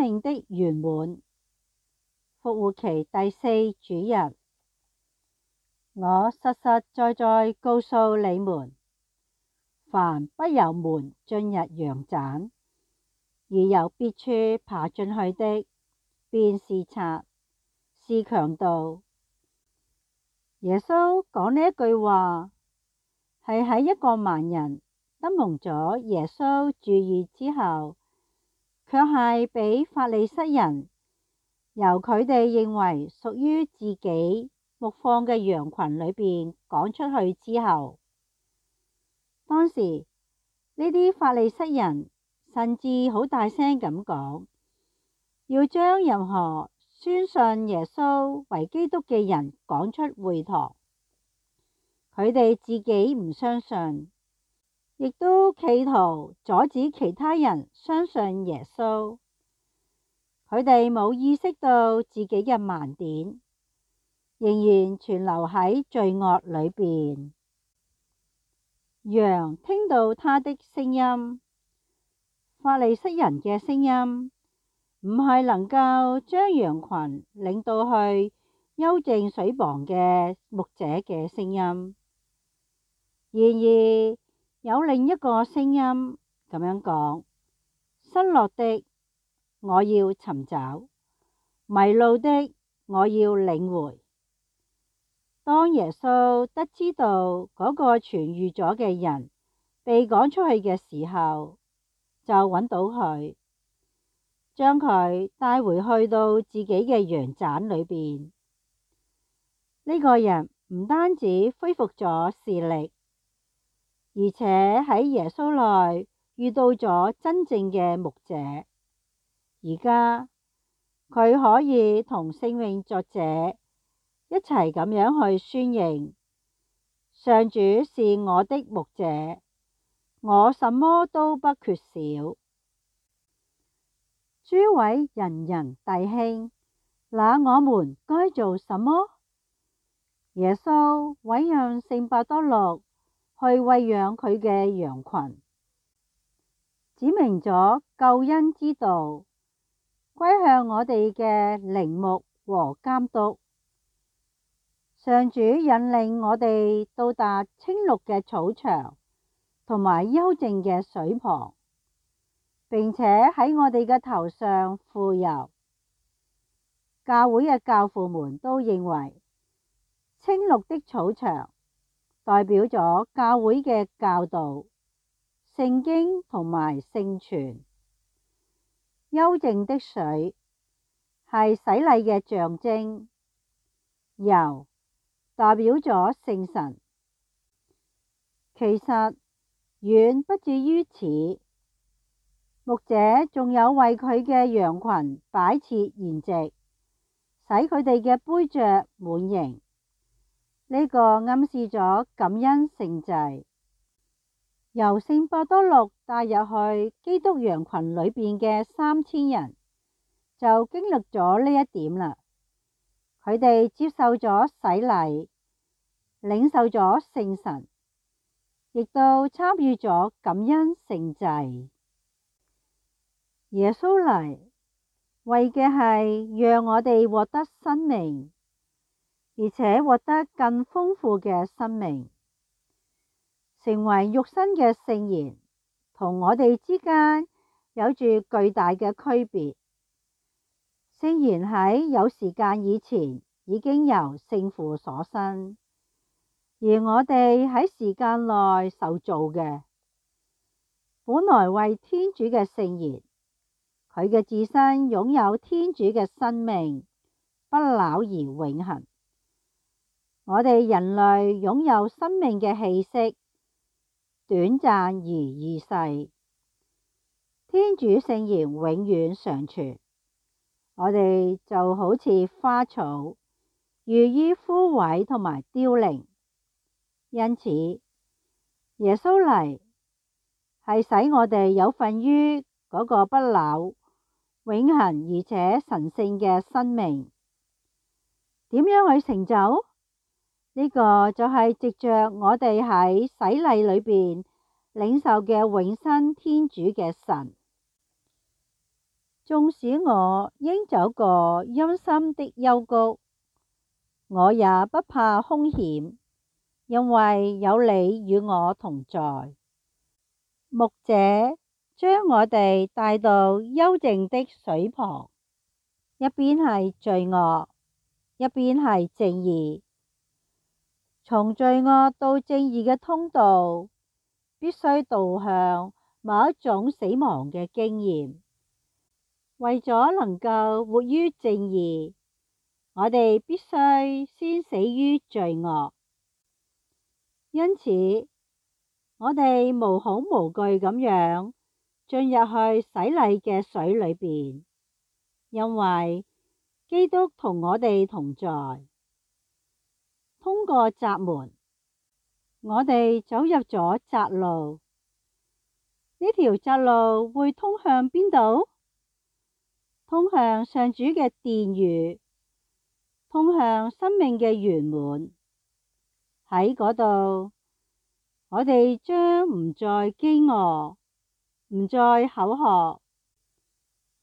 命的圓滿。復活期第四主日，我實實在在告訴你們：凡不由門進入羊棧，而由別處爬進去的，便是賊，是強盜。耶穌講呢一句話，係喺一個盲人得蒙咗耶穌治癒之後。卻係畀法利塞人由佢哋認為屬於自己牧放嘅羊群裏邊趕出去之後，當時呢啲法利塞人甚至好大聲咁講，要將任何宣信耶穌為基督嘅人趕出會堂，佢哋自己唔相信。亦都企圖阻止其他人相信耶穌，佢哋冇意識到自己嘅盲點，仍然存留喺罪惡裏面。羊聽到他的聲音，法利塞人嘅聲音，唔係能夠將羊群領到去幽靜水旁嘅牧者嘅聲音，然而。有另一個聲音咁樣講：「失落的，我要尋找，迷路的我要領回。當耶穌得知到嗰個痊癒咗嘅人被趕出去嘅時候，就揾到佢，將佢帶回去到自己嘅羊棧裏邊。呢、這個人唔單止恢復咗視力。而且喺耶穌內遇到咗真正嘅牧者，而家佢可以同聖詠作者一齊咁樣去宣認，上主是我的牧者，我什麼都不缺少。諸位仁人弟兄，那我們該做什麼？耶穌委任聖伯多祿。去餵養佢嘅羊群，指明咗救恩之道，歸向我哋嘅靈牧和監督。上主引領我哋到達青綠嘅草場，同埋幽靜嘅水旁，並且喺我哋嘅頭上傅油。教會嘅教父們都認為，青綠的草場。代表咗教會嘅教導、聖經同埋聖傳。幽靜的水係洗禮嘅象徵。油代表咗聖神。其實遠不止於此。牧者仲有為佢嘅羊群擺設筵席，使佢哋嘅杯爵滿盈。呢個暗示咗感恩聖祭，由聖伯多祿帶入去基督羊群裏邊嘅三千人，就經歷咗呢一點啦。佢哋接受咗洗禮，領受咗聖神，亦都參與咗感恩聖祭。耶穌嚟，為嘅係讓我哋獲得生命。而且獲得更豐富嘅生命，成為肉身嘅聖言，同我哋之間有住巨大嘅區別。聖言喺有時間以前已經由聖父所生，而我哋喺時間內受造嘅，本來為天主嘅聖言，佢嘅自身擁有天主嘅生命，不朽而永恒。我哋人類擁有生命嘅氣息，短暫而易逝；天主聖言永遠常存。我哋就好似花草，易於枯萎同埋凋零。因此，耶穌嚟係使我哋有份於嗰個不朽、永恒而且神聖嘅生命。點樣去成就？呢個就係藉着我哋喺洗禮裏邊領受嘅永生天主嘅神，縱使我應走過陰森的幽谷，我也不怕凶險，因為有你與我同在。牧者將我哋帶到幽靜的水旁，一邊係罪惡，一邊係正義。從罪惡到正義嘅通道，必須導向某一種死亡的經驗。為咗能夠活於正義，我哋必須先死於罪惡。因此，我哋無恐無懼噉樣進入去洗禮的水裏面，因為基督同我哋同在，通過窄門，我哋走入咗窄路。呢條窄路會通向邊度？通向上主嘅殿宇，通向生命嘅圓滿。喺嗰度，我哋將唔再飢餓，唔再口渴，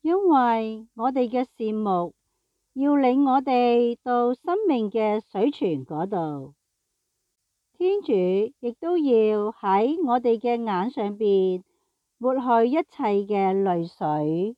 因為我哋嘅善牧，要領我哋到生命嘅水泉嗰度，天主亦都要喺我哋嘅眼上邊抹去一切嘅淚水。